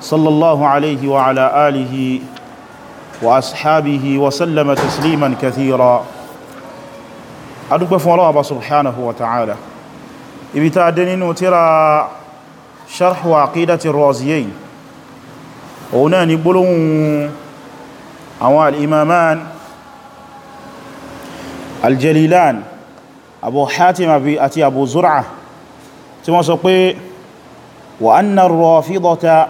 صلى الله عليه وعلى آله وأصحابه وسلم تسليما كثيرا أدوك الله سبحانه وتعالى إبتا دنين ترى شرح وعقيدة الرازيين هنا نبلون أوال إمامان الجليلان أبو حاتم أتي أبو زرعة تمسقي وأن الرافضة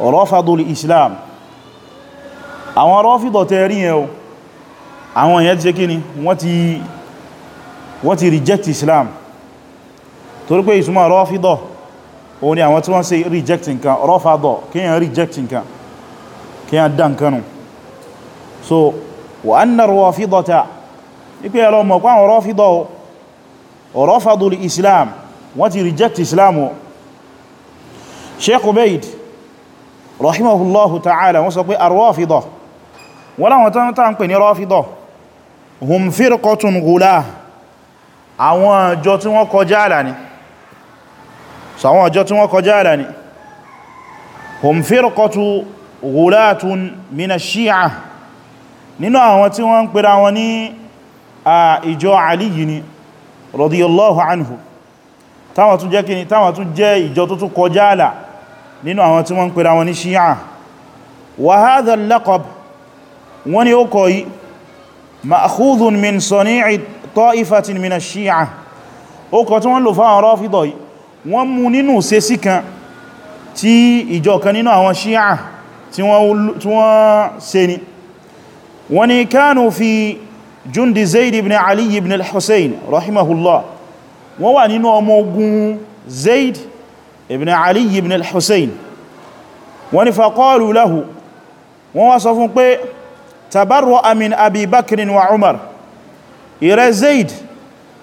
rọ́fàdùl islam àwọn rọ́fìdọ̀ tẹ́ rí ẹ̀ o àwọn èyàn ti ṣe kíni wọ́n ti reject islam torí pé ìsúnmọ̀ rọ́fìdọ̀ o ni àwọn tí wọ́n ṣe reject nǹkan rọ́fàdọ̀ kíyàn reject nǹkan kíyàn dá nǹkan nù so wà anna rọ́fìdọ̀ ta ipé ẹ̀lọ mọ̀ pé àwọn rọ́fìdọ̀ rọ́fàdùl islam wọ́n ti reject islam o sheikh ubaid rahimahullahu ta'ala wọ́n sọ pé arwafida wọ́n láwọn tán tán pè ní rafida hum firqatun ghula àwọn ọjọ́ tí wọ́n kọjá àlà ni so àwọn ọjọ́ tí wọ́n kọjá àlà ni hum firqatu ghulatun min ash-shi'a nínú àwọn tí wọ́n pèrà wọn ní a ìjọ aliyu ni radiyallahu anhu táwọn tún jẹ́ kí táwọn tún jẹ́ ìjọ tó tún kọjá àlà nínú àwọn tí wọ́n ń pèrà wọn ní ṣíyà wa hadha al-laqab wọ́n ni ó kọ̀ yí ma'khudhun min sani'i ta'ifatin min ash-shi'a ó kọ̀ tí wọ́n lò fáwọn Rāfidah yìí wọ́n mú nínú ṣe sí kan tí ìjọ kan nínú àwọn ṣíyà tí wọ́n ibn ali ibn al-hussein wọ́n ní faqalu lahu wọ́n wá sọ fún pé tabarra'a min abi bakrin wa umar ìrẹ zaid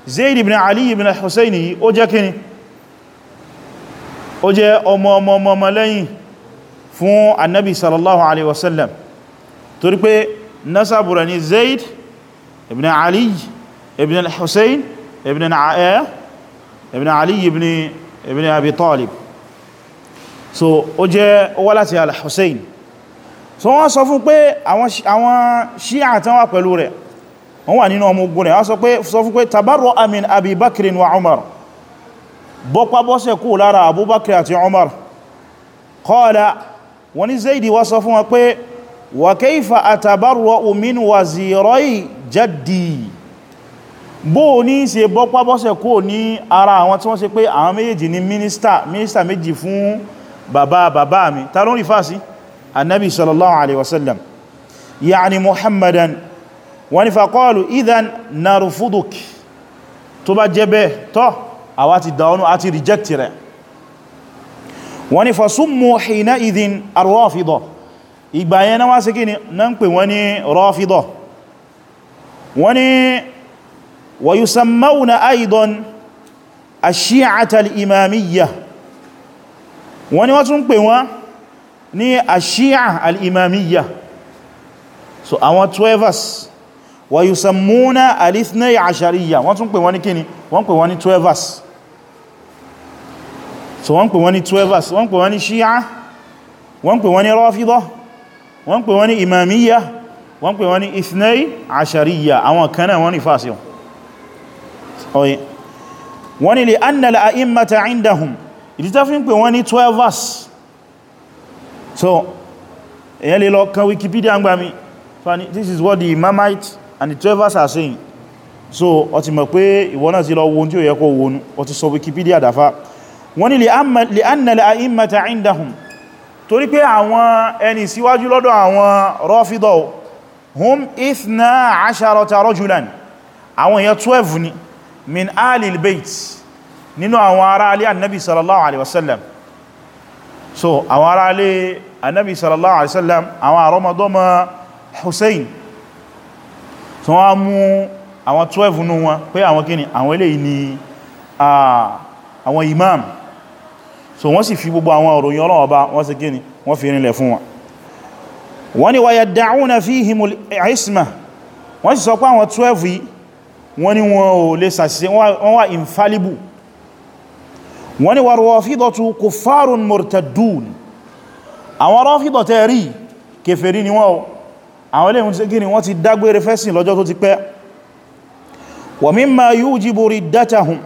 zaid ibn ali ibn al-hussein yìí ó jẹ́ kíni ó jẹ́ ọmọ ọmọ ọmọ lẹ́yìn fún annabi sallallahu alaihi wasallam torí pé nasabura ni zaid ibn ali ibn al-hussein ibn na'aya eh, ibn ali ibn abi talib so ó jẹ́ ó wá láti al-hussein so wọ́n sọ fún pé àwọn ṣíà tán wà pẹ̀lú rẹ̀ wọ́n wà nínú ọmọ ogun rẹ̀ wọ́n sọ fún pé tabarro amin abubakirin wa umar bọ́pá bọ́sẹ̀ kú lára abubakir àti umar kọ́ọ̀lá wọ́n zaidi wá sọ fún wọn pé wa kaifa atabarro min wazirai jaddi bó ní ṣe bọ́pá bọ́sẹ̀ kó ní ara àwọn tí wọ́n ṣe pé àwọn méjì ní mínísítà mínísítà méjì fún bàbá bàbá mi ta ló rí fásí annabi sallallahu alaihi wasallam ya'ni muhammadan wani faqalu idan narfuduk tó bá jẹ́ bẹ́ẹ̀ tọ́ àwa ti dáwọnú àti reject rẹ̀ wani fasummu hina idin arrafida ìgbà yẹn na wá sí kí ni na ń pè wani rafida wani ويسمون أيضا الشيعة الإمامية wọ́n ni wọ́n tún pè wọ́n ní àṣíyà al'imamiyya so àwọn 12ers wa yusammuna alithna ashariya wọ́n tún pè wọ́n ní kíni wọ́n pè wọ́n ní 12ers so wọ́n pè wọ́n ní 12ers wọ́n pè wọ́n ní ṣíyà wọ́n pè wọ́n ní rọ́fídọ́ wọ́n pè wọ́n ní imamiyya wọ́n pè wọ́n ní ithna ashariya àwọn kanáà wọ́n ni fásiyàn ọ̀yẹ́ wọ́n ni lè annala a'immata indahum ìdí tá fi ń pè wọ́n ní 12 verse so èyàn lè lọ kan wikipedia ń gbà mí this is what the imamite and the 12 verse are saying so ọ mọ̀ pé ìwọ náà ti lọ wo tí ó yẹ kó wọnú ti sọ wikipedia dáfá wọ́n ni lè annala a'immata indahum torí min alil bait nínú àwọn ará alé annabi sallallahu alaihi wasallam so àwọn ará alé annabi sallallahu alaihi wasallam àwọn àrọmọdọ́mọ hussein so wọ́n mú àwọn 12 nú wọn pé àwọn kíni àwọn eléyìí ni àwọn imam so wọ́n sì fi gbogbo àwọn òròyìn Ọlọ́run Ọba wọ́n sì kíni wọ́n fi rinlẹ̀ fún wọn wọ́n ni wa yadda'una fihimul isma wọ́n sì sọ pé àwọn 12 wọ́n ni wọn ò lè ṣàṣìṣe wọ́n wà infallible wọ́n ni wà rọ́fídọ̀tù kuffarun murtaddun àwọn rọ́fídọ̀ tẹ́ rí kèfèrí ni wọ́n o àwọn ilé ìwọ̀n ti gíní wọ́n ti dágbére fẹ́sìn lọ́jọ́ tó ti pẹ́ wa mimma yujibu riddatahum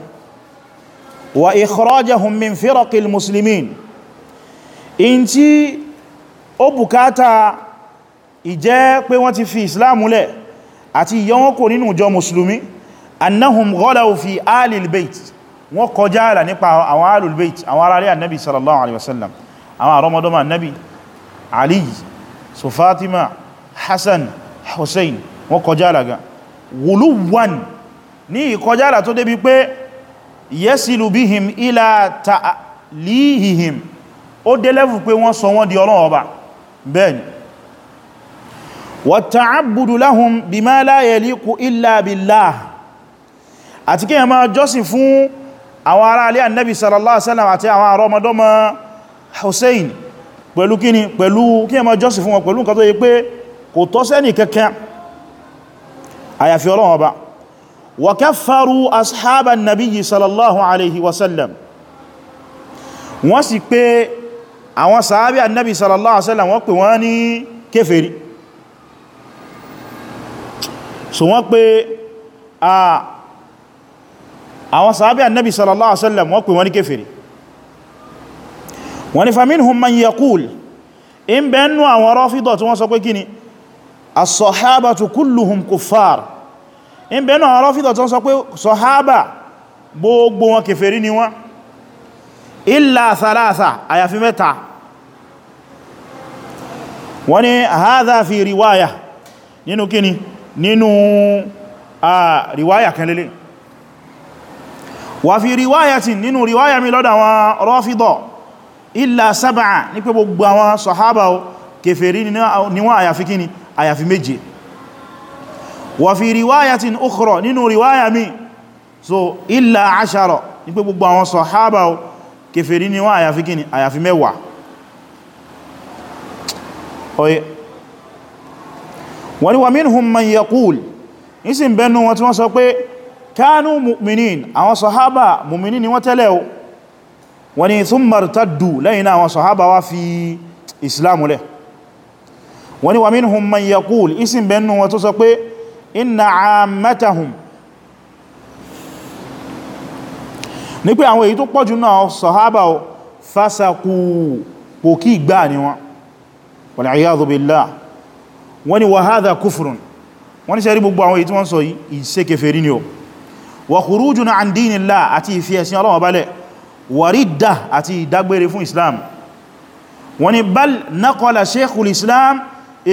wa ikhrajahum min firaqil muslimin in tí ó bùkátà àti ìyọ́wọ́n nínú ìjọ musulmi annahum ghalaw fi alil bait wọ́n kọjá àlà nípa àwọn alil bait àwọn ará ilé annabi sallallahu alaihi wasallam àwọn àrọmọdọ́mọ annabi ali so fatima hassan hussein wọ́n kọjá àlà gan wuluwan ní ìkọjá àlà tó débi pé yasilu bihim ila ta'lihihim ó dé level pé wọ́n sọ wọ́n di Ọlọ́run ọba bẹ́ẹ̀ni wa ta'abbudu lahum bima la yaliqu illa billah àti kí yẹn máa jọ́sìn fún àwọn ará alẹ́ annabi sallallahu alaihi wasallam àti àwọn àrọmọdọ́mọ hussein pẹ̀lú kíni pẹ̀lú kí yẹn máa jọ́sìn fún wọn pẹ̀lú nǹkan tó yẹ pé kò tọ́ sẹ́nì kankan àyàfi Ọlọ́run Ọba wa kaffaru ashaba annabi sallallahu alaihi wasallam wọ́n sì pé àwọn so wọ́n pé a àwọn sàábí annabi sallallahu alaihi wasallam wọ́n pè wọ́n ní kéfèrè wọ́n ní faminhum man yaqul in bẹ̀ẹ́nu àwọn rọ́fídọ̀ tí wọ́n sọ pé kíni as-sahabatu kulluhum kuffar in bẹ̀ẹ́nu àwọn rọ́fídọ̀ tí wọ́n sọ pé sọ̀hábà gbogbo wọn kéfèrè ni wọ́n illa thalatha àyàfi mẹ́ta wọ́n ní hadha fi riwaya nínú kíni nínú a ah, riwaya kan lélẹ̀ wà fi riwáyàtì nínú riwáyà mi lọ́dà wọn rọ́fídọ̀ illa sábàá ní pé gbogbo àwọn sọ̀hábà kèfèrí níwọ̀n àyàfi kíni àyàfi méje wà fi riwáyàtì ukhra nínú riwáyà mi so illa ashara ní pé gbogbo àwọn sọ̀hábà kèfèrí níwọ̀n àyàfi kíni àyàfi mẹ́wàá wọ́n ni wà minhum man yaqul ìsìn bẹnu wọn tí wọ́n sọ pé kánú mu'minin àwọn sọ̀hábà mu'minin ni wọ́n tẹ́lẹ̀ o wọ́n ni thumma irtaddu lẹ́yìn náà àwọn sọ̀hábà wá fi islam lẹ̀ wọ́n ni wa minhum man yaqul isin bẹnu wọn tó sọ pé inna ammatahum ní pé àwọn èyí tó pọ̀jù náà sọ̀hábà o pòkí ìgbà ni wọn wọ́n ni wa hadha wọ́n ni sẹ́rí gbogbo àwọn èyí tí wọ́n sọ yìí ìṣẹ́kẹfẹ́ rí ni o wa khurujuna an dinillah àti ìfi ẹ̀sìn Ọlọ́run balẹ̀ wa ridda àti ìdágbére fún islam wọ́n ní bal naqala sheikhul islam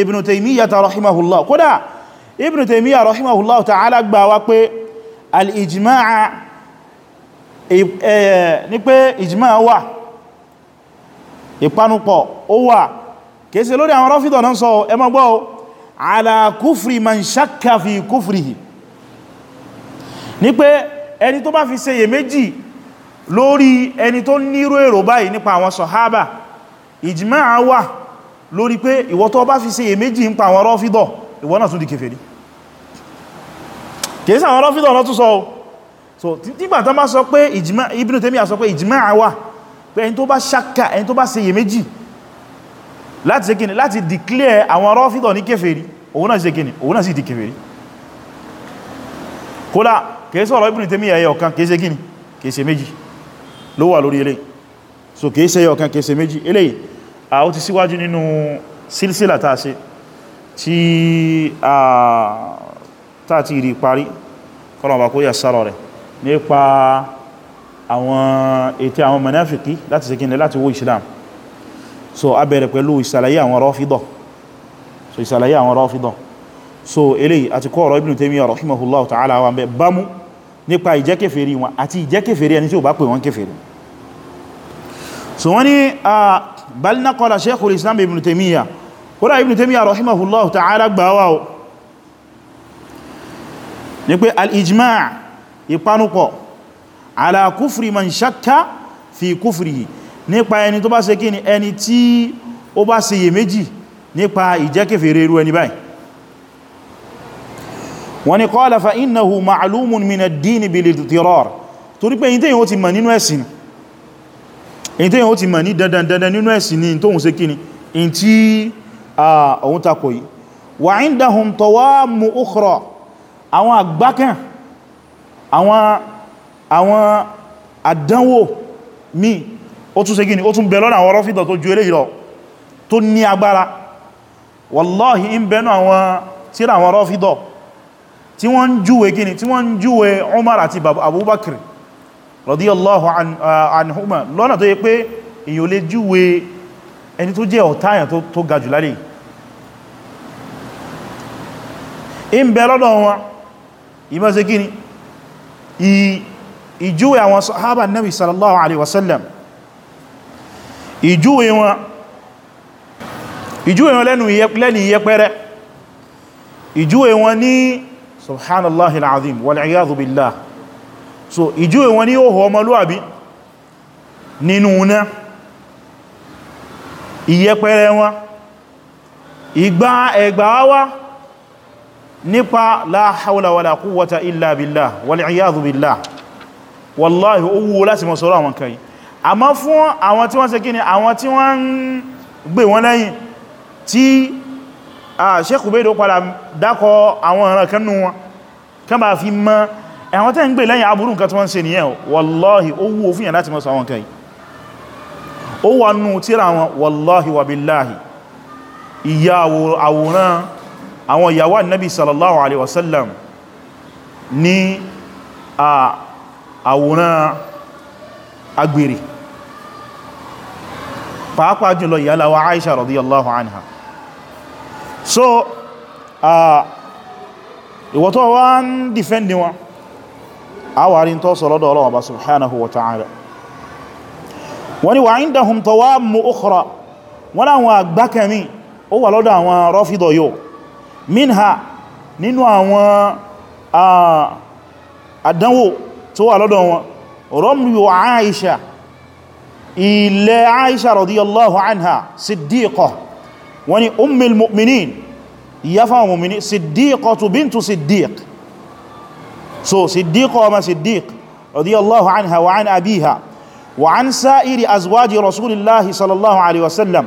ibn taymiyyah rahimahullah kódà ibn taymiyyah rahimahullah ta'ala gbà wá pé al-ijma'a ní pé ijma'a wà ìpanupọ̀ ó wà kèèsè lórí àwọn rọ́fídọ̀ náà sọ ẹmọgbọ́ ala kufri man shakka fi kufrihi ní pé ẹni tó bá fi ṣe yè méjì lórí ẹni tó nírò èrò báyìí nípa àwọn sọ̀hábà ìjìmá wà lórí pé ìwọ tó bá fi ṣe yè méjì nípa àwọn rọ́fídọ̀ ìwọ náà tún di kèfèrí kèsí àwọn rọ́fídọ̀ náà tún sọ o so nígbà tán bá sọ pé ìjìmá Ibn Taymiyyah sọ pé ìjìmá wà pé ẹni tó bá ṣaka ẹni tó bá ṣe yè méjì láti ṣe kíni láti declare àwọn rọ́fídọ̀ ní kèfèrí òun náà ṣe kíni òun náà sì di kèfèrí kódà kèése ọ̀rọ̀ Ibn Taymiyyah ẹyọ kan kèése gíní kèése méjì ló wà lórí eléyìí so kèése ẹyọ kan kèése méjì eléyìí a ó ti síwájú nínú sílsílà tàà sí tí a tàà ti rí parí kọlọ̀bà kó yà sárọ̀ rẹ̀ nípa àwọn ètè àwọn mùnáfìkí láti sẹ́kínlẹ̀ láti wó Islam so a bẹ̀rẹ̀ pẹ̀lú ìsàlàyé àwọn Rāfidah so ìsàlàyé àwọn Rāfidah so eléyìí àti kọ́ ọ̀rọ̀ Ibn Taymiyyah rahimahullahu ta'ala wa bẹ̀ bámú nípa ìjẹ́kèfèrí wọn àti ìjẹ́kèfèrí ẹni tí ó bá pè wọ́n kèfèrí so wọ́n ni a balna qala sheikhul islam ibn taimiyya kódà ibn taimiyya rahimahullahu ta'ala gbawa o ní pé al-ijma' ìpanupọ̀ ala kufri man shakka fi kufrihi nípa ẹni tó bá ṣe kíni ẹni tí ó bá ṣe yèméjì nípa ìjẹ́kèfèrí irú ẹni báyìí wọ́n ni qala fa innahu ma'lumun min ad-din bil-idtirar torí pé ìtẹ́yìn ó ti mọ̀ nínú ẹ̀sìn ìtẹ́yìn ó ti mọ̀ ní dandan dandan nínú ẹ̀sìn ní tóhun ṣe kíni in tí àwọn takò yìí wa indahum tawamu ukhra àwọn ó tún àwọn rọ́fídà tí wọ́n ń júwe gini tí wọ́n ń júwe Umar àti Abubakar radiyallahu uh, anhuma lọ́nà tó yẹ pé èyàn lè júwe ẹni tó jẹ́ ọ̀táyàn tó ga jù lálẹ́ in bẹ lọ́dọ̀ wọn ìmọ́sẹ̀ gini ìjúwe àwọn sahaba nabi sallallahu alaihi wasallam ìjúwe wọn ìjúwe wọn lẹ́nu lẹ́ni ìjúwe wọn ní subhanallahi al'azim wal'iyadhu billah so ìjúwe wọn ni ó hù ọmọlúwàbí nínú náà ìyẹpẹrẹ wọn ìgbà ẹgbà wá nípa la hawla wala quwwata illa billah wal'iyadhu billah wallahi ó wú láti mọ̀ sọ́rọ̀ àwọn kan yìí àmọ́ fún àwọn tí wọ́n ṣe kíni àwọn tí wọ́n ń gbé wọn lẹ́yìn tí Ah, Sheikh Ubaydo padà dákọ àwọn ọ̀ràn kan nú wọn kán bá fi mọ́ ẹ̀wọ̀n tẹ́ ń gbé lẹ́yìn aburú nǹkan tí wọ́n ń ṣe nìyẹn wallahi ó wú òfin yàn láti mọ́ sọ àwọn kan yìí ó wà nù tíra wọn wallahi wa billahi ìyá àwòrán àwọn ìyàwó annabi pàápàá jùlọ ìyàlá Aisha radiyallahu anha so uh, ìwọ tó wá ń dìfẹ́ndì wọn awari tó sọ lọ́dọ̀ Ọlọ́run bá subhanahu wa ta'ala wọ́n ni wà ń dáhùn tawammu ukhra wọ́n láwọn àgbákẹ̀mí ó wà lọ́dọ̀ àwọn rọ́fídọ̀ yóò minha nínú àwọn àdánwò tó wà lọ́dọ̀ wọn rọ́mù Aisha ilẹ̀ Aisha radiyallahu anha siddiqah wọ́n ni ummil mu'minin ìyá fáwọn mu'minin siddiqatu bintu siddiq so siddiqa wa ma siddiq radiyallahu anha wa an abiha wa an sa'iri azwaji rasulillahi sallallahu alaihi wasallam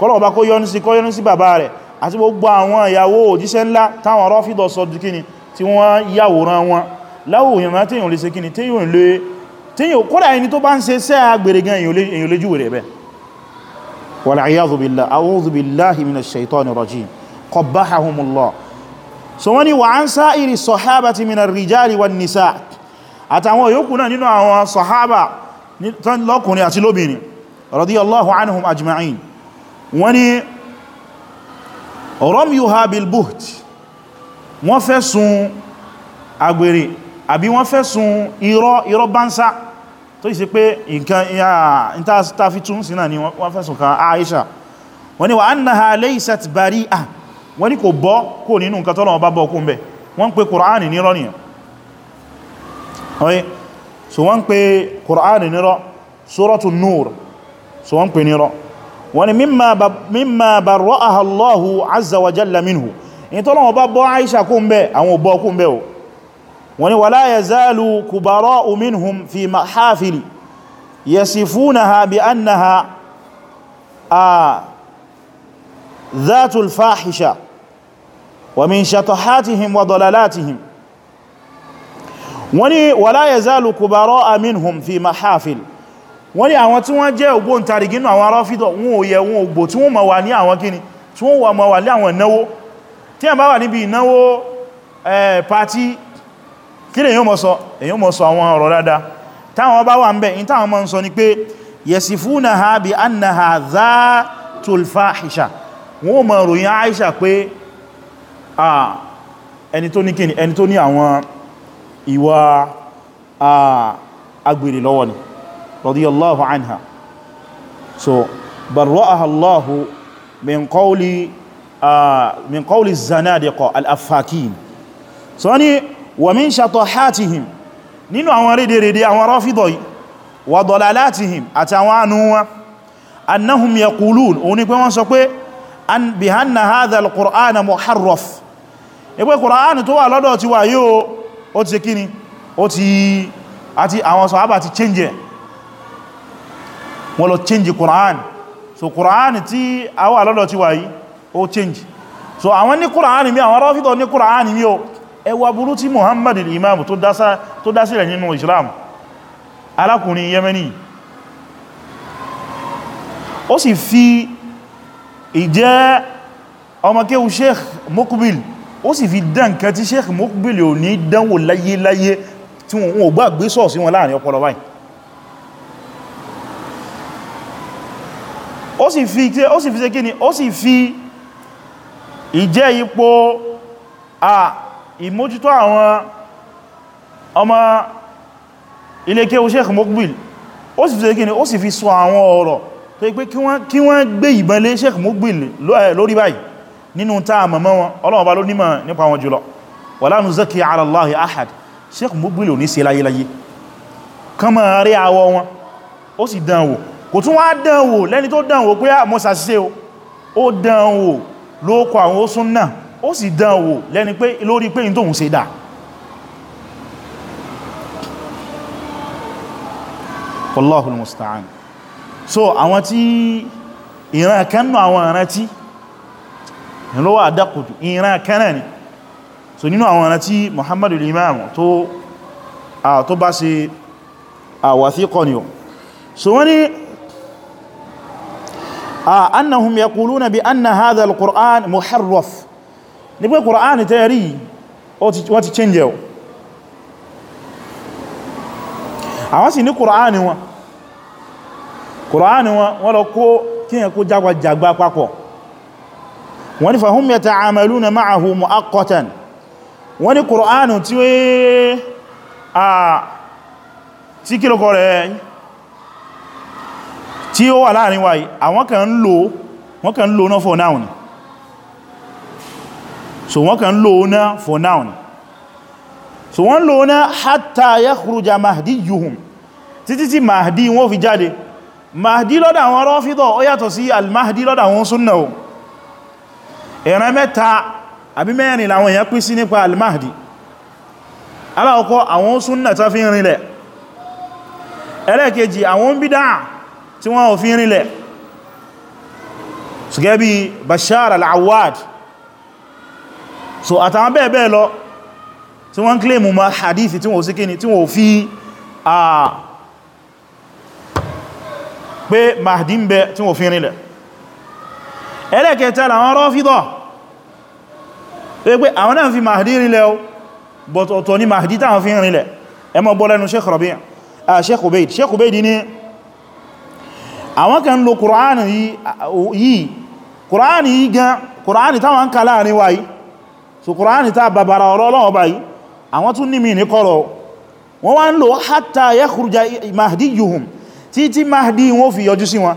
kọ́lọ̀ ọba kó yọ́nú sí kọ́yọ́nú sí bàbá rẹ̀ àti gbogbo àwọn ìyàwó òjíṣẹ́ ńlá táwọn rọ́fídọ̀ sọ dìkíni tí wọ́n yàwòrán wọn láwòrán tí èyàn lè ṣe kíni tí èyàn lè kódà ẹni tó bá ń ṣe والعياذ بالله أعوذ بالله من الشيطان الرجيم قبحهم الله سواني وعن سائر الصحابة من الرجال والنساء أتعوى يقولنا ننوى صحابة لكم يأتلوبين رضي الله عنهم أجمعين واني رميها بالبهت وفسوا أقبري أبي وفسوا إراء إراء بانسا tó yìí sí pé nǹkan ìtàfi tún sí náà ni wọ́n fẹ́sùn kan Aisha wọ́n ni wa annaha laysat bari'a wọ́n ni kò bọ́ kò nínú nǹkan tọ́lọ̀ ọba bọ́ kún bẹ̀ wọ́n pè Kùránì nírọ́ nìyàn oye so wọ́n pè Kùránì nírọ́ wọ́n ni wala yazalu kubara'u minhum fi mahafili yasifunaha bi annaha a dhatul fahisha wa min shatahatihim wa dalalatihim wọ́n ni wala yazalu kubara'u minhum fi mahafili wọ́n ni àwọn tí wọ́n jẹ́ ògbóǹtarìgì nínú àwọn wọ́n ma àwọn tí wọ́n wà ma wà kí lè yíò mọ́ sọ èyí mọ́ sọ àwọn ọ̀rọ̀ dáadáa táwọn bá wà ń bẹ̀ in táwọn mọ́ ń sọ ni pé yẹ̀sìfúnà ha bí anna ha za tulfahisha wọ́n mọ̀ ròyìn Aisha pé ẹni tó ní kíni ẹni tó ní àwọn ìwà agbèrè lọ́wọ́ ni radiyallahu wa min shatahatihim nínú àwọn rédèrèdè àwọn rọ́fídọ̀ yìí wa dalalatihim àti àwọn àánú wọn annahum yaqulun òun ni pé wọ́n sọ pé an bi hanna hadha al-qur'ana muharraf ẹgbẹ́ qur'an tó wà lọ́dọ̀ ti wà yóò ó change so qur'an tí a wà lọ́dọ̀ ti wà change so àwọn ní qur'an mi àwọn rọ́fídọ̀ ní qur'an mi ó ẹwà burú tí Muhammad al-imam tó dá sílẹ̀ nínú Islam alákùnrin Yemeni ó sì fi ìjẹ́ ọmọkéhù Sheikh Muqbil ó sì fi dán nǹkan tí Sheikh Muqbil ò ní dánwò láyéláyé tí wọn ò gbàgbé sọ́ọ̀sí wọn láàrin ọpọlọ báyìí ó sì fi ó sì fi ṣe kí ìjẹ́ ipò a ìmójútó àwọn ọmọ ilékéwú Sheikh Muqbil ó sì fi kíni ó sì fi sọ àwọn ọ̀rọ̀ tó pé kí wọ́n gbé ìbọn lé Sheikh Muqbil lórí báyìí nínú táà mọ̀mọ́ wọn Ọlọ́run bá ló nímọ̀ nípa wọn jùlọ wala nuzaki ala Allahi ahad Sheikh Muqbil ò ní sí láyéláyé kánmọ̀ rí ah, àwọ ó sì dán wò lẹ́ni pé lórí pé ìtòhun ṣe dà Wallahu al-musta'an so àwọn tí ìran kanú àwọn ìrántí ìlọ́wọ́ àdákòtù ìran kanáà ni so nínú àwọn ìrántí Muhammadu Imam tó bá ṣe àwàsíkọ ni so wani annahum yaquluna bi anna hadha al muharraf ní pé Kùránì tẹ́ rí wọ́n ti change ẹ̀ àwọn sì ní Kùránì wọn Kùránì wọn wọ́n lọ kó kíyàn kó jágbàjàgbà papọ̀ wọ́n ní fahum yata'amaluna ma'ahu mu'aqqatan wọ́n ní Kùránì tí ó a tí kílùkọ rẹ̀ tí ó wà láàrin wáyé àwọn kan lò wọ́n kan náà so wọ́n kàn lò náà for now ni so wọ́n lò náà hatta yakhruja mahdiyuhum títí tí mahdi wọ́n fi jáde mahdi lọ́dọ̀ àwọn rọ́fídọ̀ ó yàtọ̀ sí al-mahdi lọ́dọ̀ àwọn súnnà o ìran mẹ́ta àbí mẹ́rin làwọn èèyàn pín sí nípa al-mahdi alákọ̀ọ́kọ́ àwọn súnnà tó fi rinlẹ̀ ẹlẹ́ẹ̀kejì àwọn bídá tí wọ́n fi rinlẹ̀ sùgẹ́bí bashar al-awwad so àtàwọn bẹ́ẹ̀ bẹ́ẹ̀ lọ tí wọ́n ń kílèmù ma hadithi tí wọ́n sí kíni tí wọ́n fi à pé mahdi ń bẹ tí wọ́n fi rinlẹ̀ ẹlẹ́kẹta làwọn rọ́fídọ̀ pé àwọn náà fi mahdi rinlẹ̀ o but ọ̀tọ̀ ni mahdi táwọn fi rinlẹ̀ ẹ mọ́ bọ́ lẹ́nu sheikh rabi so Kùránì ta bàbàrà ọ̀rọ̀ Ọlọ́run ọba yìí àwọn tún ní mi ní kọ́rọ̀ wọ́n wá ń lò hatta yakhruja mahdiyuhum títí mahdi wọ́n fi yọjú sí wọn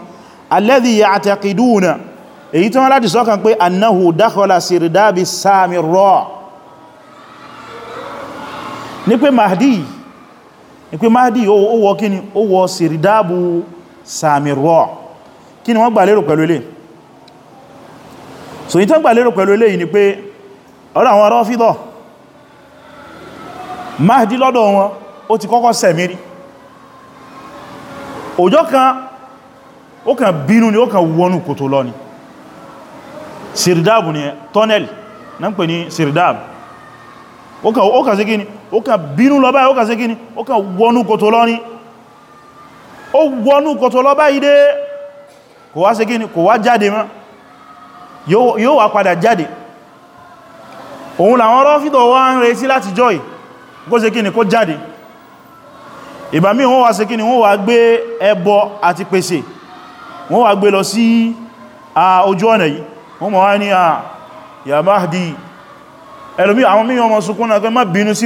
alladhi ya'taqiduna èyí tí wọ́n láti sọ́kàn pé annahu dakhala sirdabi samirra ní pé mahdi ní pé mahdi ó wọ kíni ó wọ sirdabu samirra kíni wọ́n gbà lérò pẹ̀lú ilé so yí tán gbà lérò pẹ̀lú ilé yìí ni pé ọ̀rọ̀ àwọn Rāfidah Mahdi lọ́dọ̀ wọn ó ti kọ́kọ́ sẹ̀mírí òjò kan ó kàn bínú ni ó kàn wọnú kòtò lọ ni sirdabu ni tunnel na ń pè ní sirdabu ó kàn ó kàn sí kíni ó kàn bínú lọ báyìí ó kàn sí kíni ó kàn wọnú kòtò lọ ni ó wọnú kòtò lọ báyìí dé kò wá sí kíni kò wá jáde mọ́ yóò wá padà jáde òun làwọn rọ́fídọ̀ wá ń retí láti jọ́ kó ṣe kí ni kó jáde ìbà míì wọ́n wá ṣe kí ni wọ́n wá gbé ẹbọ àti pèsè wọ́n wá gbé lọ sí ojú ọ̀nà yìí wọ́n mọ̀ wá ní à yà Mahdi ẹlòmí àwọn míì ọmọ sunkún náà pé má bínú sí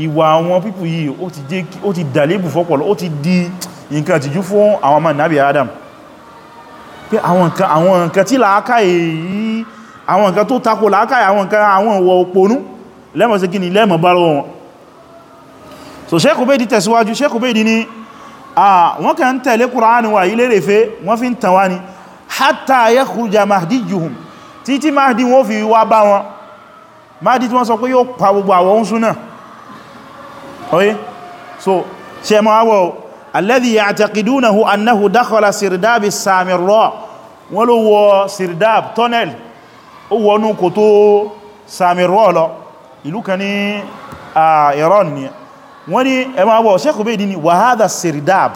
ìwà àwọn pípù yìí ó ti dàlébù fọ́pọ̀lọ́ ó ti di nǹkan tìjú fún àwọn ọmọ nàbí adam pé àwọn nǹkan tí làákà èyí àwọn nǹkan tó takò làákà àwọn nǹkan àwọn ìwọ̀ òpónú lẹ́mọ̀ sí kíni lẹ́mọ̀ bá lọ́wọ́ wọn so Sheikh Ubaydi tẹ̀síwájú Sheikh Ubaydi ni wọ́n kàn tẹ̀lé Kùránì wà ilé rèfé wọ́n fi ń tàn wá ni hatta yakhruja mahdiyyuhum títí mahdi wọ́n fi wá bá wọn mahdi tí wọ́n sọ pé yóò pa gbogbo àwọn oúnṣú náà oye so ṣe ma wọ́ alladhi ya'taqidunahu annahu dakhala sirdab as-samirra wọ́n ló wọ sirdab tunnel ó wọnú kòtò samirra lọ ìlú kan ní Iran ni wọ́n ni ẹ ma wọ́ Sheikh Ubaydi ni wa hadha sirdab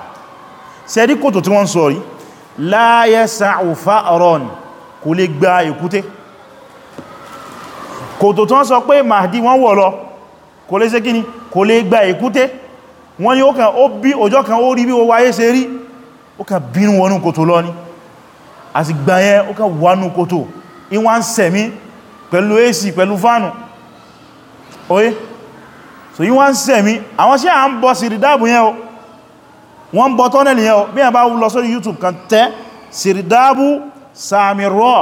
ṣe rí kòtò tí wọ́n sọ rí la Mahdi wọ́n wọ̀ lọ kò lè ṣe kíni kò lè gba èkúté wọ́n ni ó kàn ó bí ọjọ́ kan ó rí bí owó ayé ṣe rí ó kàn bínú wọnú kòtò lọ ní àti gbáyẹ ó kàn wọnú kòtò ìwà ń sẹ̀mí pẹ̀lú èsì pẹ̀lú fánù oye so ìwà ń sẹ̀mí àwọn ṣe à ń bọ́ sìrìdáàbù yẹn o wọ́n bọ́ tọ́nẹ̀lì yẹn o bí a bá lọ sórí YouTube kan tẹ́ sìrìdáàbù sàmì rọ́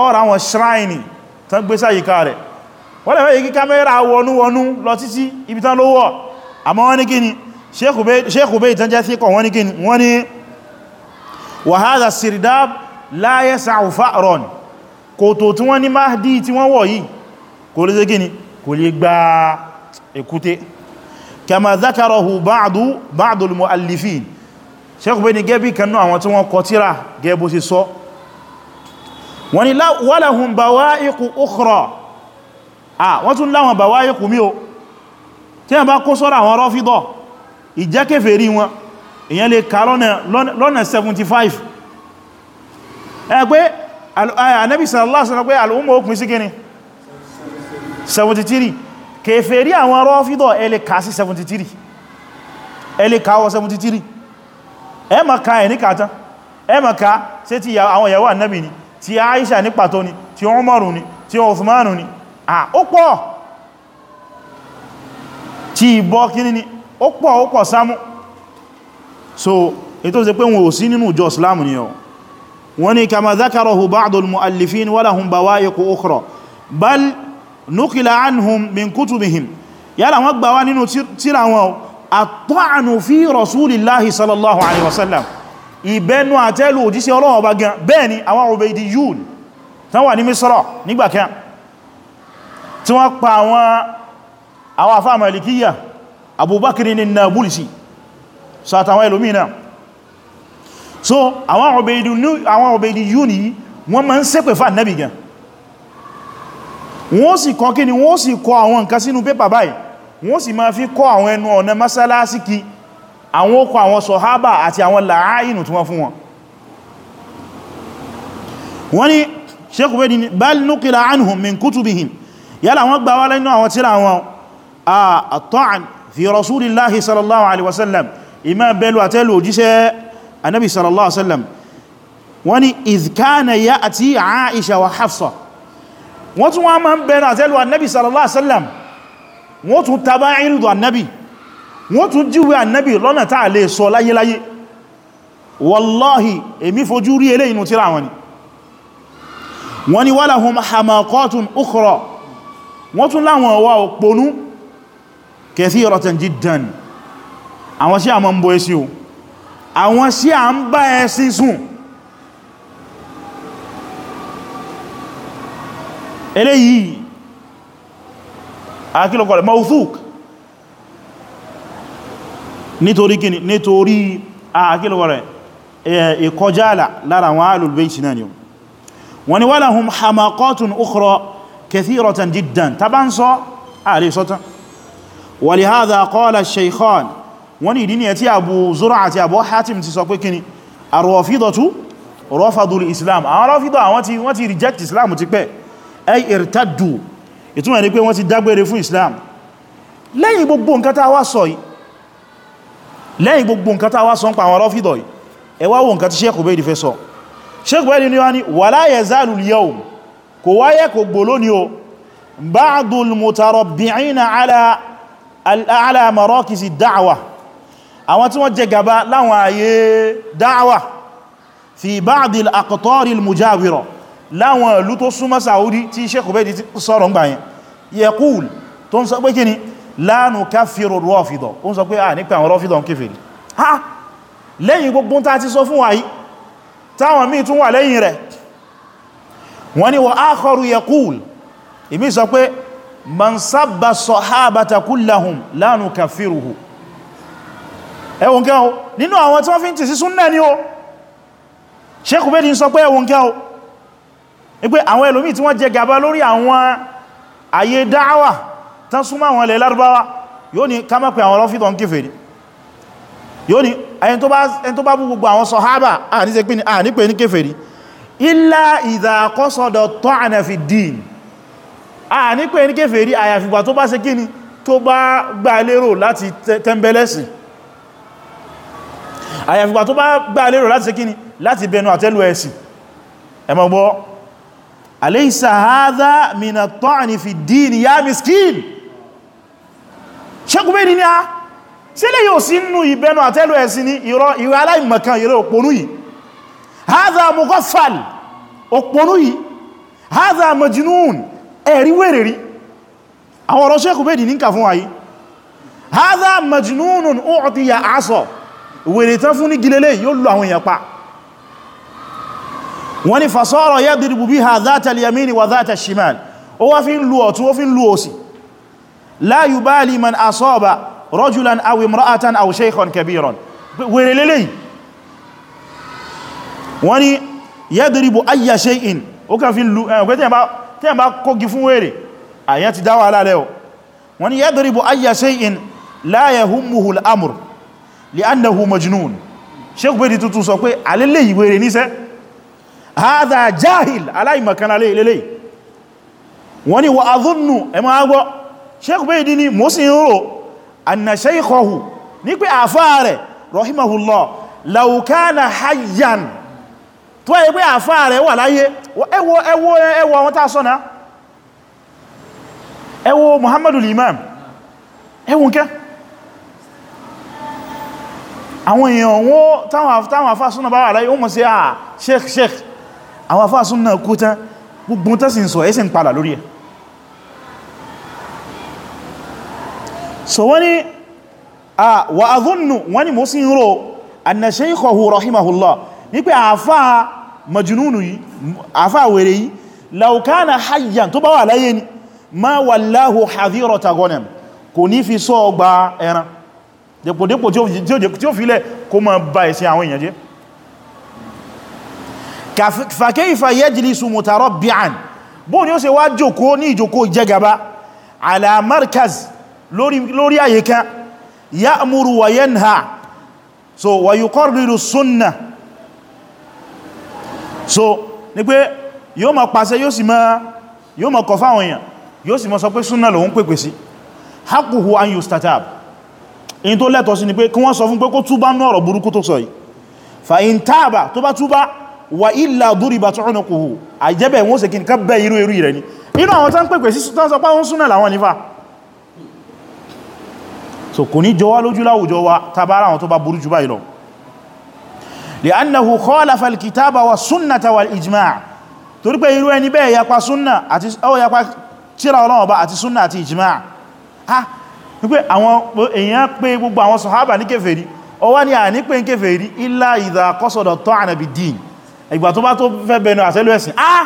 ọ̀rọ̀ àwọn shrine tán gbé sáyíká rẹ̀ wọ́n lẹ́fẹ́ yìí kámẹ́rà wọnúwọnú lọ títí ibi tán ló wọ́ àmọ́ wọ́n ní kíni Sheikh Ubay ìtànjẹ́ sí kọ̀ wọ́n ní kíni wọ́n ní wa hadha sirdab la yas'u fa'ran kòtò tí wọ́n ní Mahdi tí wọ́n wọ̀ yìí kò lè ṣe kíni kò lè gba èkúté kama ah wọ́n tún láwọn bàwá ayékù mí o tí wọ́n bá kó sọ́rọ̀ àwọn rọ́fídọ̀ ìjẹ́kẹfẹ̀ẹ́rí wọn èyàn lè ká lọ́nà 75 ẹgbẹ́ anábi sallallahu alaihi pé al'umma òkun sí kíni 73 kèfèrí àwọn rọ́fídọ̀ ẹ lè ká sí 73 ẹ lè káwọ 73 ẹ ma ká ẹ̀ ní kàtán ìyàwó annabi ni ti Aisha ní pàtó ni ti Umaru ni ti Uthmanu ni ó pọ̀ tí ìbọ́ kíní ni ó pọ̀ ó pọ̀ sámú so ètò ṣe pé wọn ò sí nínú ìjọ islam ni ọ wọ́n ni kama zakarahu ba'dul mu'allifin wa lahum bawa'iqu ukhra bal nukila anhum min kutubihim yálà wọ́n gbà wá nínú tírà wọn àtọ́ànù fi rasulillahi sallallahu alaihi wasallam ìbẹnu àtẹ́lù òjíṣẹ́ Ọlọ́run ọba gan bẹ́ẹ̀ ni àwọn Ubaydiyun tán wà ní Misra nígbàkẹ́ tí wọ́n pa àwọn àwọn afá malikiya abubakiri ní nabulisi so àtàwọn ilomina so àwọn ọ̀bẹ̀dì yúni wọ́n ma ń ṣépè fà nábi gan wọ́n sì kọ́ kí ni wọ́n sì kọ àwọn nǹkan sínú pépà báyìí wọ́n sì máa fi kọ àwọn min kutubihim yálà wọ́n gbà wá lẹ́nu àwọn tíra wọn àtọ́n fi rasulillahi sallallahu alaihi wasallam ìmá bẹ̀lú àtẹ́lù òjíṣẹ́ anábi sallallahu alaihi wasallam wọ́n ni ìzkánà ya àti Aisha wa Hafsa wọ́n tún wọ́n máa ń bẹ̀rẹ̀ àtẹ́lù annabi sallallahu alaihi wasallam wọ́n tún tàbá ìrìdò annabi wọ́n tún jíwẹ́ annabi wọ́n tún láwọn ọwá òpónú kathiratan jiddan àwọn sí àmọ́ ń bọ́ ẹsí o àwọn sí à ń bá ẹsí sùn eléyìí akílọ̀kọ̀lẹ̀ mawthuk nítorí kíni nítorí akílọ̀kọ̀lẹ̀ ìkọjáàlà lára àwọn alul bayti náà ni wọ́n ni walahum hamaqatun ukhra كثيرة جدا طبعا صا عليه صوتا ولهذا قال الشيخان وني ديني يتي أبو زرعة أبو حاتم تساقوي كني الرافضة رفضوا الإسلام الرافضة وانتي وانتي ريجكت إسلام تكبه أي ارتدوا ìtumọ̀ ní pé wọ́n ti dágbére fún Islam lẹ́yìn gbogbo nǹkan tá wá sọ yìí lẹ́yìn gbogbo nǹkan tá wá sọ ń pa àwọn rọ́fìdọ̀ yìí ẹ wá nǹkan tí Sheikh Ubaydi sọ Sheikh Ubaydi ní wá ní wala yazalul kò wáyé kò gbòló ni o ba'dul mutarabbi'ina ala ala marakisi da'wa àwọn tí wọ́n jẹ gaba láwọn àyè da'wa fi ba'dil aqtaril mujawira láwọn ìlú tó súnmọ́ Saudi tí Sheikh Ubaydi sọ́rọ̀ ngbà yẹn yaqul tó ń sọ pé kíni la nukaffiru rọ́fìdọ̀ ó ń wọ́n ni wa akharu yaqul ìmí sọ pé man sabba sahabata kullahum la nukaffiruhu ẹwọ̀n kẹ́ o nínú àwọn tí wọ́n fi ń tì sí súnnà ni o Sheikh Ubedi ń sọ pé ẹwọ̀n kẹ́ o àwọn ẹlòmí tí wọ́n jẹ gàba lórí àwọn ayé dáwà tán súnmọ́ illa idha qasada ta'na fi din a ní pé ní kéfèrí àyàfìgbà tó bá ṣe kí ni tó bá gbà lérò láti tẹ́mbẹ̀lẹ́sìn àyàfìgbà tó bá gbà lérò láti ṣe kí ni láti bẹnu àtẹ́lù ẹ̀sìn ẹ má gbọ́ alaysa hadha min at-ta'ni fi din ya miskin ṣẹ́kùnmẹ́ haza mughaffal òpònú yìí haza majnun ẹ̀rí wèrè rí àwọn ọ̀rọ̀ Sheikh Ubaydi níkà fún ayé haza majnunun u'tiya aṣọ wèrè tán fún ní gilele yóò lọ àwọn èèyàn pa wọ́n ni fasara yadribu biha dhata al-yamini wa dhata al-shimal ó wá fi ń lu ọ̀tún ó fi lu òsì la yubali man asaba rajulan aw imra'atan aw shaykhan kabiran wèrè lélẹ́yìí wọ́n ni yadribu ayya shay'in ó kàn fi lù ẹ̀kọ́ eh, tí ẹ̀ bá kógi fún wèrè àyẹ́ ti dáwà alálẹ́ o wọ́n ni yadribu ayya shay'in la yahummuhu al-amr li'annahu majnun sheikh bedi tuntun sọ pé alẹ́lẹ́ ìwèrè níṣẹ́ hadha jahil aláìmọ̀kanalẹ́ ilẹ́lẹ́ wọ́n ni wa adhunnu ẹmọ́ agbọ́ sheikh bedi ni mo sì ń tó wáyé pé àfá rẹ̀ wà láyé ẹwọ ẹwọ ẹwọ àwọn tàà sọ́nà ẹwọ Muhammadu Imam ẹwọ nkẹ́ àwọn èèyàn wọ́n táwọn àfá súnà bá wà láyé wọ́n mọ̀ sí à ah, sheikh sheikh àwọn àfá súnà kú tán gbogbo tán sì ń sọ ẹ́sìn padà lórí ẹ̀ so wọ́n ni ah, mo sí ń rò rahimahullah wípé àfá majununu yìí àfá wèrè yìí laukana hayyan tó bá wà láyé ni ma wallahu hadhirata ghanam kò ní fi sọ ọgbà ẹran dẹ̀pọ̀dẹ̀pọ̀ tí ó filẹ̀ kó ma ba ẹ̀sìn àwọn èèyàn jẹ́ fa kayfa yajlisu mutarabbi'an bó ni ó ṣe wá jòkó ní ìjòkó jẹgaba ala markaz lórí àyíká ya'muru wa yanha so wa yuqarriru sunnah so ní pé yóò máa pàṣẹ yóò sì máa yóò máa kọ̀ fáwọn èèyàn yóò sì máa sọ pé súnà lòun pèpè sí haquhu an yustatab in tó lẹ́tọ̀ sí ni pé kí wọ́n sọ fún pé kó túbá ní ọ̀rọ̀ burúkú tó sọ yìí fa in taba tó bá túbá wa illa duribat unuquhu àjẹ́bẹ̀ wọ́n ṣe kí n ká bẹ́ irú irú rẹ̀ ni inú àwọn tán pèpè sí tán sọ pé wọ́n súnà làwọn nífà so kò ní jọ wá lójú láwùjọ wa tabára àwọn tó bá burú jù báyìí lọ li'annahu khalafa al-kitaba wa sunnata wal ijma' torí pé irú ẹni bẹ́ẹ̀ yapa súnnà àti ó yapa tírà Ọlọ́run Ọba àti súnnà àti ijma' ha wípé àwọn èèyàn pé gbogbo àwọn sàhábà ní kèfèrí ó wá ní à ní pé ń kèfèrí illa idha qasada ta'ana bid-din ìgbà tó bá tó fẹ́ bẹnu àtẹ́lú ẹ̀sìn ah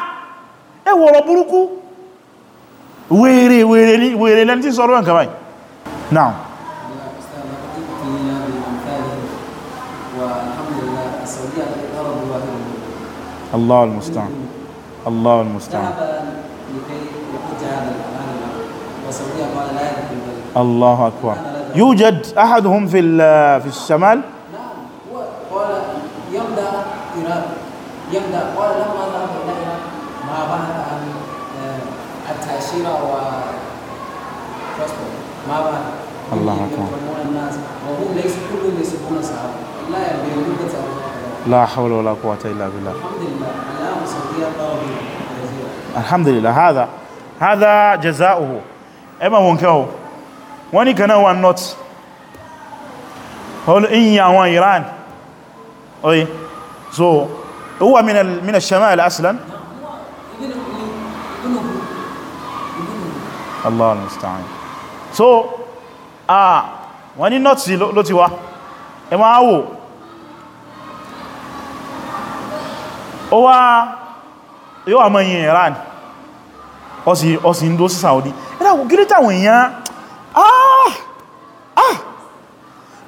ẹwọ̀rọ̀ burúkú wèrè wèrè ní wèrè lẹ́ni tí sọ́rọ̀ ǹkan now الله المستعان الله المستعان الله أكبر يوجد أحدهم في في الشمال؟ نعم. يبدأ يبدأ آه، الله أكبر وهم ليسوا كلهم يسبون الصحابة لا يبدأ la hawla wala quwwata illa billah alhamdulillah hadha hadha jazaohu ema won kan o wọ́n ní kana one not hol in ya wọn iran oye so huwa min al min ash-shamal aslan Allah al-musta'an so ah wọ́n ní not ló ti wá ẹ ma wò ó wá yóò àmọ́ yìí Iran ọ̀sì ń dó sí Saudi ẹ̀dàkù kí ló táwọn èèyàn ah ah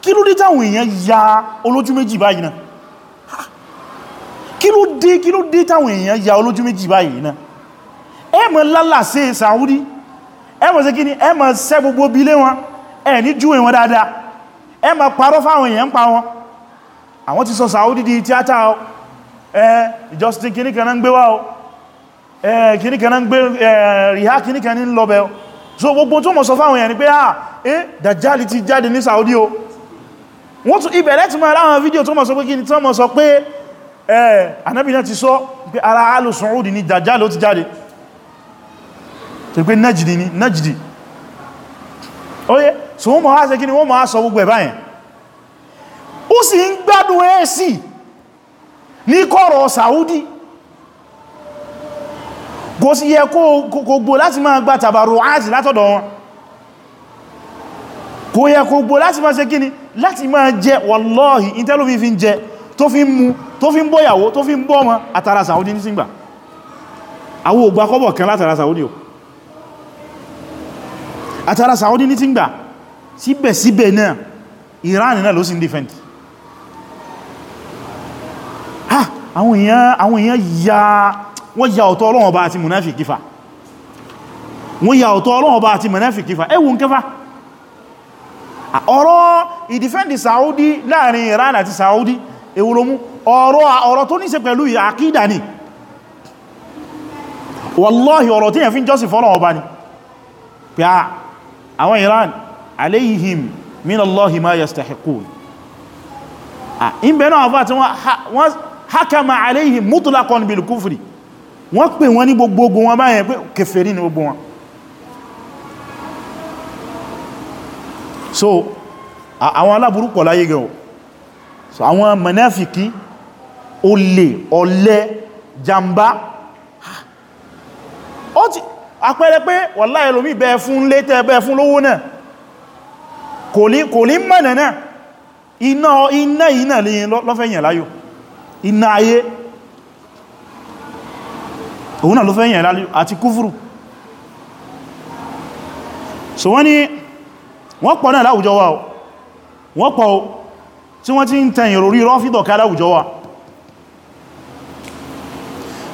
kí ló dé táwọn èèyàn ya olójú méjì báyìí náà ah, kí ló dé kí ló dé táwọn èèyàn ya olójú méjì báyìí náà ẹ mọ̀ lálàsẹ́ Saudi ẹ mọ̀ sí kíní ẹ mọ̀ sẹ́ gbogbo bílé wọn ẹ ní júwe wọn dáadáa ẹ mọ̀ parọ́ fáwọn èèyàn pa wọn àwọn ti sọ Saudi di tíátà ẹ ìjọsìn kìníkà náà ń gbé wá o ẹ kìníkà náà ń gbé ríhá kìníkà ní lọ́bẹ̀ o so gbogbo tó mọ̀ sọ fáwọn ya ni pé à ah, ẹ́ dàjáàlì ti jáde ní Saudi o wọ́n tún ibẹ̀ lẹ́tì máa láwọn fídíò tó mọ̀ sọ pé kí ni tó mọ̀ sọ pé sọ pé ara alu Saudi ni ti jáde ni oye ní kọ̀rọ̀ Saudi kò sí yẹ kó gbò láti máa gba tàbàrò áàtì látọ̀dọ̀ wọn kò yẹ kó gbò láti máa ṣe kíni láti máa jẹ wallahi intelo fi ń jẹ tó fi ń mu tó fi ń bọ́yàwó tó fi ń bọ́ ọmọ àtàrà Saudi ní síngbà àwọn ògbà kọ́bọ̀ kan látàrà Saudi o àtàrà Saudi ní síngbà síbẹ̀síbẹ̀ náà Iran náà ló sì ń defend àwọn èèyàn àwọn èèyàn ya wọ́n ya ọ̀tọ̀ Ọlọ́run Ọba àti munafiki fa wọ́n ya ọ̀tọ̀ Ọlọ́run Ọba àti munafiki fa ẹwùn kẹfà ọ̀rọ̀ ìdífẹ́ndì Saudi láàrin Iran àti Saudi ewúlomú ọ̀rọ̀ ọ̀rọ̀ tó níṣe pẹ̀lú àkídà ni wallahi ọ̀rọ̀ tí yẹn fi ń jọ́sìn fọ́lọ̀ ọba ni pé àwọn Iran alayhim min Allahi ma hakama alayhim mutlaqan bil kufri wọ́n pè wọ́n ní gbogbogbò wọn báyẹn pé kèfèrí ní gbogbo wọn so àwọn aláburú pọ̀ láyé gẹ̀ so àwọn mùnáfìkí olè ọ̀lẹ jàmbá ó ti àpẹẹrẹ pé wallahi ẹlòmí bẹ́ẹ̀ fún létẹ́ bẹ́ẹ̀ fún lówó náà kò ní mọ̀nà náà iná iná iná lè lọ́fẹ́yìn láyò iná ayé òun náà ló fẹ́ yẹn lálẹ́ àti kúfùrù so wọ́n ni wọ́n pọ̀ náà láwùjọ wa wọ́n pọ̀ tí wọ́n ti ń tẹ̀yìn orí rọ́fídọ̀ká láwùjọ wa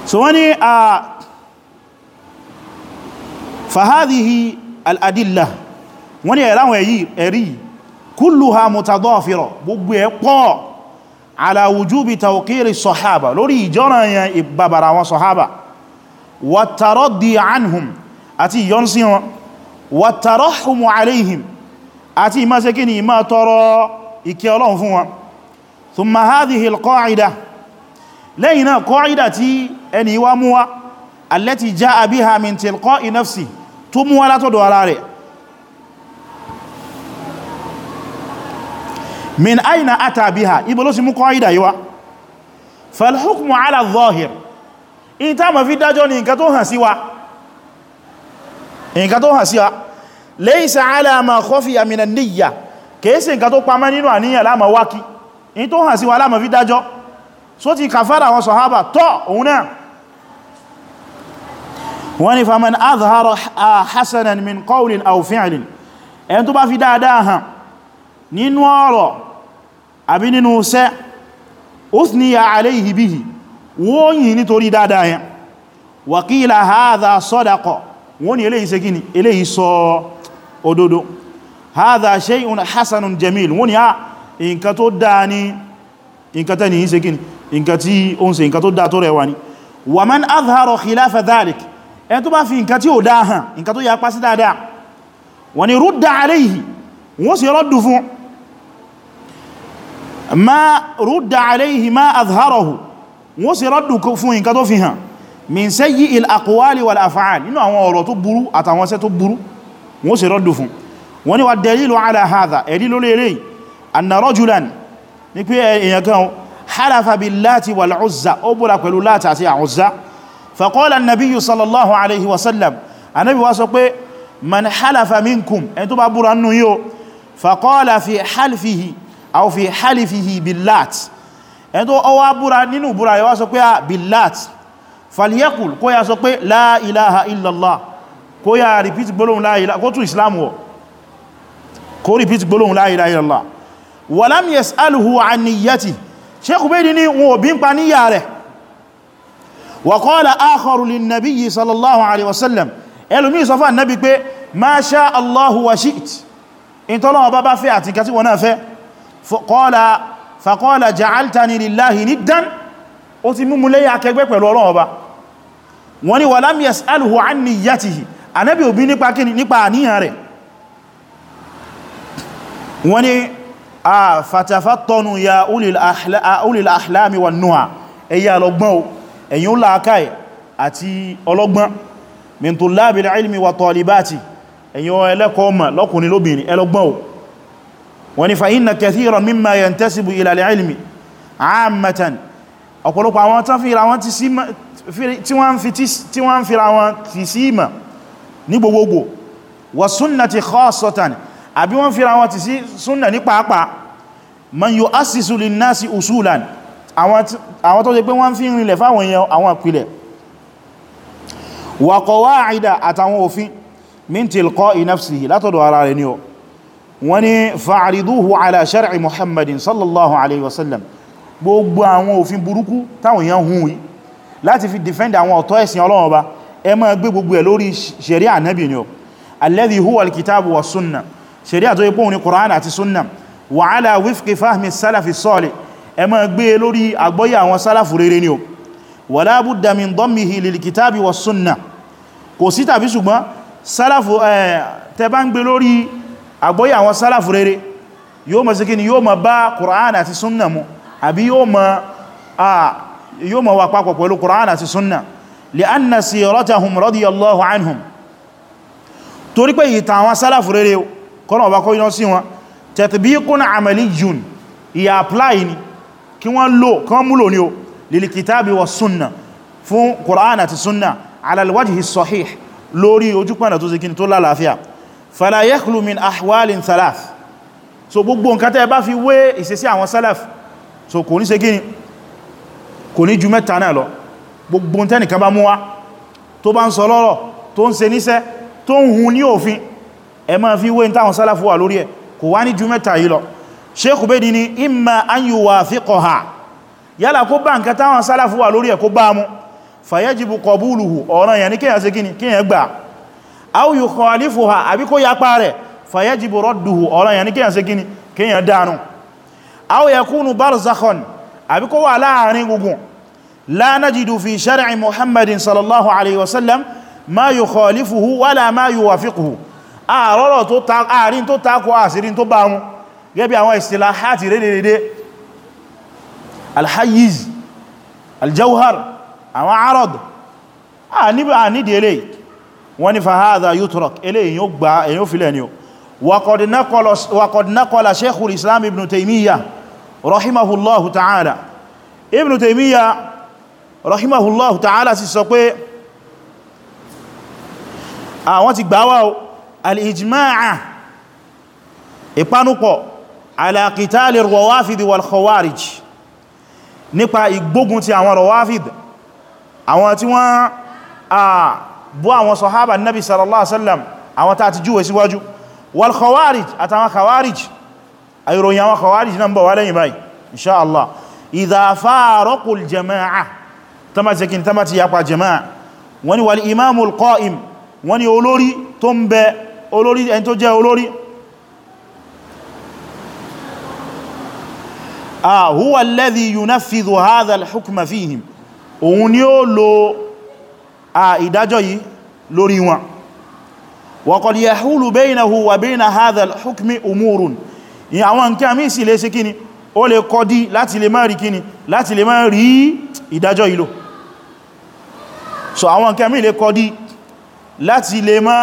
so wọ́n ni a fahadihi al'adilla wọ́n ni ẹ̀ráwọ̀ ẹ̀yí ẹ̀rí kulluha mutadafira gbogbo ẹ̀ pọ̀ ala wujubi tawqiri sahaba lórí ìjọ́ra yẹn ìbàbàrà wọn sahaba wa taraddi anhum àti yọ́nsí wọn wa tarahumu alaihim àti ma ṣe kíni ma tọrọ ìkẹ́ Ọlọ́run fún wọn thumma hadhihi alqa'ida lẹ́yìn náà qa'ida tí ẹni wá min aina ata biha ibo ló sì mú qaida yiwa fal hukmu ala adh-dhahir in ta ma fi dájọ́ ní nǹkan tó hàn sí wa nǹkan tó hàn sí wa laysa ala ma khafiya min an-niyya kese nǹkan tó pamọ́ nínú àníyàn la ma waki in tó hàn sí wa la ma fi dájọ́ so ti kafara wa sahaba to una wani faman azhara ọ̀rọ̀ àbí nínú sẹ́ uthniya alayhi bihi wọ́n yìn nítorí dáadáa yẹn wa qila hadha sadaqa wọ́n ni eléyìí ṣe kíni eléyìí sọ òdodo hadha shay'un hasanun jamil wọ́n ni a ah, nǹkan tó dáa ni nǹkan tẹ́ ni yìí ṣe kíni nǹkan tí ó ń ṣe nǹkan tó dáa tó rẹwà ni wa man azharo khilafa dhalik wọ́n ni rudda alayhi wọ́n sì rọ́dù fún ma rúdà aléhì ma azharahu wọ́n sì rọ́dù fún nǹkan tó fi hàn min sayyi il aqwali wal af'al nínú àwọn ọ̀rọ̀ tó burú àtàwọn ṣẹ́ tó burú wọ́n sì rọ́dù fún wọ́n ni wà dalilu ala hadha ẹ̀rí lórí فقال anna rajulan ní pé èèyàn kan halafa billati wal uzza ó búra pẹ̀lú láti àti àuzza faqala aw fi halifihi billat ẹni tó ọwá búra nínú búra yíwá sọ pé a billat falyakul kó ya sọ pé la ilaha illallah kó ya repeat gbólóhùn la ilaha kó tún islam wọ kó repeat gbólóhùn la ilaha illallah walam yas'aluhu an niyyati sheikh bẹ́ẹ̀dì ní wọn òbí ń pa níyà rẹ̀ wa qala akharu lin nabiyyi sallallahu alaihi wasallam ẹlùmí sọfà nabi pé ma sha bá bá fẹ́ àti kàtí wọn náà fẹ́ faqala faqala ja'altani lillahi niddan ó ti mú mú lẹ́yìn akẹgbẹ́ pẹ̀lú Ọlọ́run Ọba wọ́n ni walam yas'alhu an niyyatihi Ànábì òbí nípa kíni nípa àníyàn rẹ̀ wọ́n ni a fatafattanu ya ulil ahlami wan nuha ẹ̀yin ọlọ́gbọ́n ẹ̀yin olàákàí àti ọlọ́gbọ́n min tullabil wọ́n ní fa inna kathiran mimma yantasibu ila al-ilmi ammatan ọ̀pọ̀lọpọ̀ àwọn tán fi àwọn tí wọ́n fi àwọn ti sí ìmọ̀ ní gbogbogbò wa sunnati khassatan àbí wọ́n fi àwọn ti sí súnnà ní pàápàá man yu'assisu lin-nasi usulan àwọn tó jẹ́ pé wọ́n fi rinlẹ̀ fáwọn èèyàn àwọn wọ́n ní fa'ariduhu ala shar'i muhammadin sallallahu alaihi wasallam gbogbo àwọn òfin burúkú táwọn èèyàn hun yìí láti fi defend àwọn ọ̀tọ́ ẹ̀sìn ọlọ́run ọba ẹ máa gbé gbogbo ẹ̀ lórí sharia ànábì ni ọ alladhi huwa alkitabu wa sunna sharia tó yẹ pé òun àti sunna wa ala wifqi fahmi salafi salih ẹ máa gbé e lórí àgbọ́yé àwọn sálàfù rere ni ọ wala budda min dammihi lil kitabi wa sunna kò sí tàbí ṣùgbọ́n sálàfù tẹ bá ń gbé lórí àgbọ́yé àwọn sálàfù rere yóò mọ̀ sí kí ni yóò mọ̀ bá kùránà àti súnnà mu àbí yóò mọ̀ wà papọ̀ pẹ̀lú kùránà àti súnnà li'anna siratahum radiyallahu anhum torí pé ìtàn àwọn sálàfù rere kọ́nà ọba kọ́ iná sí wọn tatbiqun amaliyyun ìyà apply ni kí wọ́n lò kán múlò lórí ojúpànà tó sì tó lálàáfíà fala yakhlu min ahwalin salaf so gbogbo nǹkan tẹ́ bá fi wé ìṣesí àwọn salaf so kò ní ṣe gíní kò ní ju mẹ́ta náà lọ gbogbo tẹ́nìkan bá mú wá tó bá ń sọ lọ́rọ̀ tó ń ṣe níṣẹ́ tó ń hun ní òfin ẹ máa fi wé táwọn salaf wà lórí ẹ̀ kò wá ní ju mẹ́ta yìí lọ Sheikh Ubaydi ni imma an yuwafiqaha yálà kó bá nǹkan táwọn salaf wà lórí ẹ̀ kó bá mú fayajibu qabuluhu ọ̀ràn yẹn ni kíyàn ṣe gíní kíyàn gbà aw yukhalifuha àbí kó yapa rẹ̀ fayajibu radduhu ọ̀rọ̀ yẹn ni kíyàn ṣe kíni kíyàn dánú aw yakunu barzakhon àbí kó wà láàrin gugun la najidu fi shar'i muhammadin sallallahu alaihi wasallam ma yukhalifuhu wala ma yuwafiquhu àrọ́rọ̀ tó ta àrin tó takọ àsìrin tó bá mú gẹ́bí àwọn istilahati rédèrèdè alhayiz aljauhar àwọn arad a níbi a wọ́n ní fahadha yutrak ilé èyàn ó gbá èyàn ó filẹ̀ ni ó waqad naqala sheikhul islam ibn taimiyya rahimahullahu ta'ala ibn taimiyya rahimahullahu ta'ala sì sọ pé àwọn ti gbáwá al-ijma'a ìpanupọ̀ ala bú àwọn sọ̀hábà nabi sallallahu alaihi wasallam àwọn tá ti júwe síwájú wal khawarij àtàwọn khawarij àìròyìn àwọn khawarij náà bọ̀ wá lẹ́yìn báyìí insha Allah idha faraqul jama'a tama sekin tama ti yapa jama'a wani wal imamul qa'im wani olórí tó ń bẹ olórí ẹni tó jẹ́ olórí ah, huwa alladhi ìdájọ́ yìí lórí wọn wa qad yahulu baynahu wa bayna hadha al-hukmi umurun ní àwọn nǹkan mí sí lè ṣe kíni ó lè kọdí láti lè má rí kíni láti lè má rí ìdájọ́ yìí so àwọn nǹkan mí lè kọdí láti lè má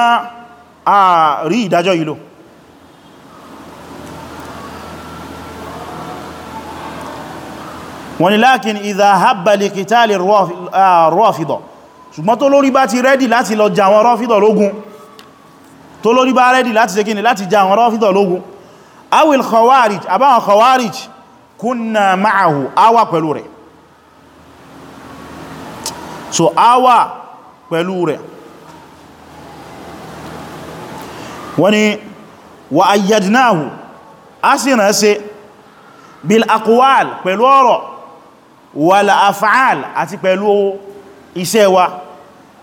rí ìdájọ́ yìí lò wọ́n ni lakin idha habba li qitali ar ṣùgbọ́n tó lórí bá ti rẹ́dì láti lọ jà àwọn rọ́fídọ̀ lógun tó lórí bá rẹ́dì láti ṣe kíni láti jà àwọn rọ́fídọ̀ lógun awil khawarij àbáwọn khawarij kunna ma'ahu awa pẹ̀lú rẹ̀ so awa pẹ̀lú rẹ̀ wani wa ayyadnahu asina se bil aqwal pẹ̀lú ọ̀rọ̀ wal af'al àti pẹ̀lú iṣẹ́ wa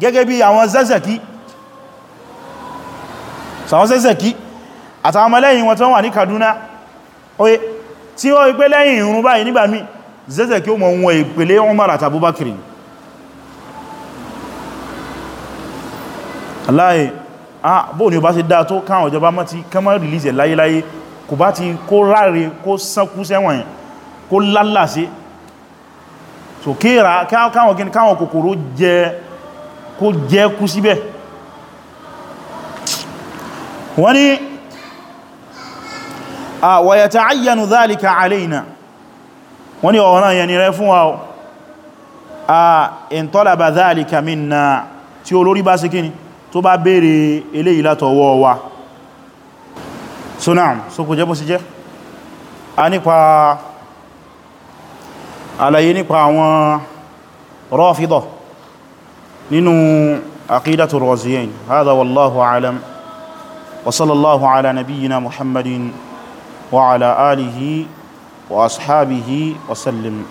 gẹ́gẹ́ bí àwọn zẹ́zẹ̀kí sàwọn zẹ́zẹ̀kí àtàwọn ọmọlẹ́yìn wọn tó wà ní Kaduna oye tí ó ipé lẹ́yìn ìrun báyìí nígbà mí zẹ́zẹ̀kí o mọ̀ wọn ìpele Umar àti Abubakar aláyé ah bóò ni o bá ṣe dáa tó káwọn ìjọba mọ́ ti kánmọ́ release láyéláyé kò bá ti kó ráre kó sánkú sẹ́wọ̀n yẹn kó lálàsí so kíra káwọn kòkòrò jẹ kó jẹ́ kú síbẹ̀ wọ́n ni wa yata'ayyanu dhalika alayna wọ́n ni ọ̀rọ̀ yẹn ni rẹ fún wa a in talaba dhalika minna tí olórí bá sí kíni tó bá béèrè eléyìí látọwọ́ wa so naam so kò jẹ́ bó sí jẹ́ a nípa àlàyé nípa àwọn Rāfidah ننو عقيدة الرزيين هذا والله أعلم وصلى الله على نبينا محمد وعلى آله وأصحابه وسلم